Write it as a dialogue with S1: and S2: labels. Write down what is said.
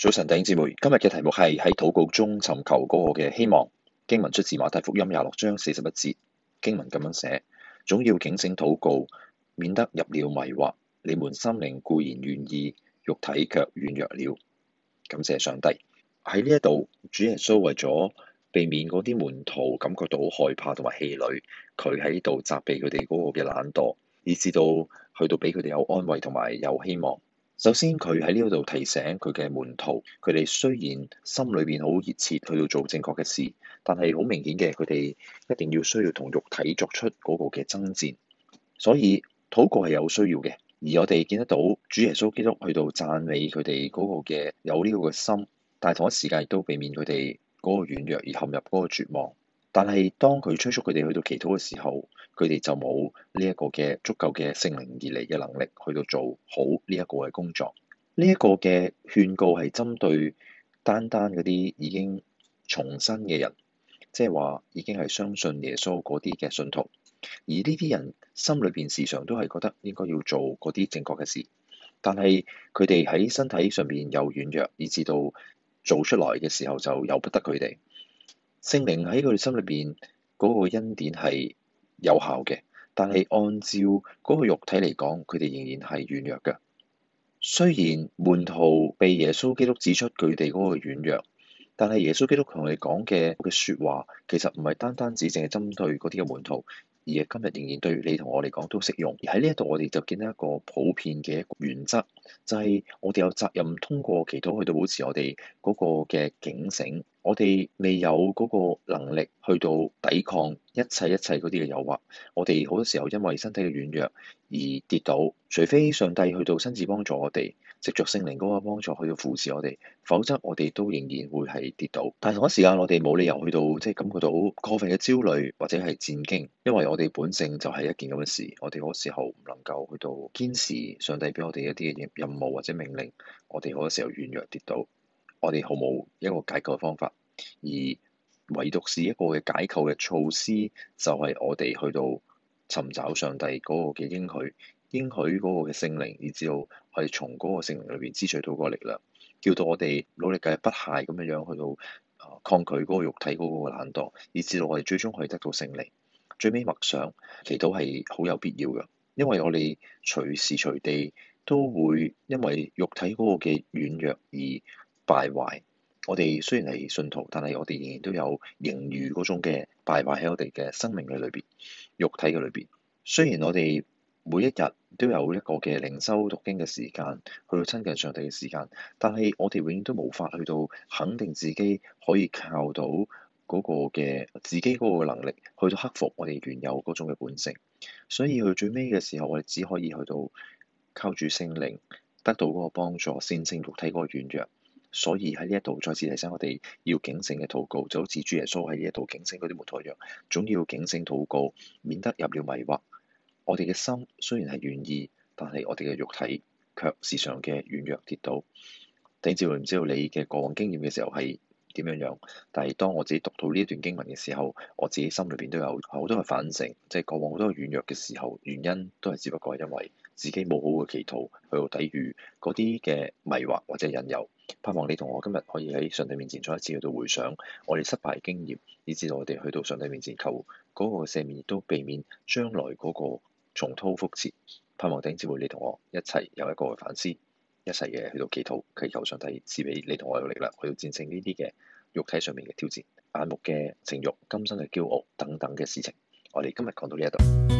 S1: 早晨，弟兄姊妹，今日嘅題目係喺禱告中尋求嗰個嘅希望。經文出自馬太福音廿六章四十一節，經文咁樣寫：總要警醒禱告，免得入了迷惑。你們心靈固然願意，肉體卻軟弱了。感謝上帝。喺呢一度，主耶穌為咗避免嗰啲門徒感覺到好害怕同埋氣餒，佢喺度責備佢哋嗰個嘅懶惰，以至到去到俾佢哋有安慰同埋有希望。首先，佢喺呢度提醒佢嘅門徒，佢哋雖然心裏邊好熱切去到做正確嘅事，但係好明顯嘅佢哋一定要需要同肉體作出嗰個嘅爭戰，所以禱告係有需要嘅。而我哋見得到主耶穌基督去到讚美佢哋嗰個嘅有呢個嘅心，但係同一時間亦都避免佢哋嗰個軟弱而陷入嗰個絕望。但係當佢催促佢哋去到祈禱嘅時候，佢哋就冇呢一個嘅足夠嘅聖靈而嚟嘅能力去到做好呢一個嘅工作。呢一個嘅勸告係針對單單嗰啲已經重生嘅人，即係話已經係相信耶穌嗰啲嘅信徒。而呢啲人心裏邊時常都係覺得應該要做嗰啲正確嘅事，但係佢哋喺身體上面又軟弱，以至到做出來嘅時候就由不得佢哋。聖靈喺佢哋心裏邊嗰個恩典係有效嘅，但係按照嗰個肉體嚟講，佢哋仍然係軟弱嘅。雖然門徒被耶穌基督指出佢哋嗰個軟弱，但係耶穌基督同我哋講嘅嘅説話，其實唔係單單只淨係針對嗰啲嘅門徒，而係今日仍然對你同我嚟講都適用。而喺呢一度，我哋就見到一個普遍嘅原則，就係我哋有責任通過祈禱去到保持我哋嗰個嘅警醒。我哋未有嗰個能力去到抵抗一切一切嗰啲嘅誘惑，我哋好多時候因為身體嘅軟弱而跌倒。除非上帝去到親自幫助我哋，藉著聖靈嗰個幫助去到扶持我哋，否則我哋都仍然會係跌倒。但係同一時間我哋冇理由去到即係、就是、感覺到過分嘅焦慮或者係戰驚，因為我哋本性就係一件咁嘅事。我哋好多時候唔能夠去到堅持上帝俾我哋一啲嘅任務或者命令，我哋好多時候軟弱跌倒，我哋毫無一個解救嘅方法。而唯獨是一個嘅解構嘅措施，就係、是、我哋去到尋找上帝嗰個嘅應許，應許嗰個嘅聖靈，而至到我哋從嗰個聖靈裏邊支取到個力量，叫到我哋努力繼續不懈咁樣樣去到抗拒嗰個肉體嗰個懶惰，以至到我哋最終可以得到勝利。最尾默想祈禱係好有必要嘅，因為我哋隨時隨地都會因為肉體嗰個嘅軟弱而敗壞。我哋雖然係信徒，但係我哋仍然都有盈餘嗰種嘅敗壞喺我哋嘅生命嘅裏邊、肉體嘅裏邊。雖然我哋每一日都有一個嘅靈修讀經嘅時間，去到親近上帝嘅時間，但係我哋永遠都無法去到肯定自己可以靠到嗰個嘅自己嗰個能力去到克服我哋原有嗰種嘅本性。所以去最尾嘅時候，我哋只可以去到靠住聖靈得到嗰個幫助，先勝肉體嗰個軟弱。所以喺呢一度再次提醒我哋要警醒嘅禱告，就好似主耶穌喺呢一度警醒嗰啲木頭一樣，總要警醒禱告，免得入了迷惑。我哋嘅心雖然係願意，但係我哋嘅肉體卻時常嘅軟弱跌倒，頂至會唔知道你嘅過往經驗嘅時候係點樣樣。但係當我自己讀到呢一段經文嘅時候，我自己心裏邊都有好多嘅反省，即係過往好多軟弱嘅時候，原因都係只不過係因為，自己冇好嘅祈禱去到抵禦嗰啲嘅迷惑或者引誘，盼望你同我今日可以喺上帝面前再一次去到回想我哋失敗經驗，以致我哋去到上帝面前求嗰個赦免，亦都避免將來嗰個重蹈覆轍。盼望弟兄姊妹你同我一齊有一個反思，一齊嘅去到祈禱，祈求上帝賜俾你同我力量去到戰勝呢啲嘅肉體上面嘅挑戰、眼目嘅情慾、今生嘅驕傲等等嘅事情。我哋今日講到呢一度。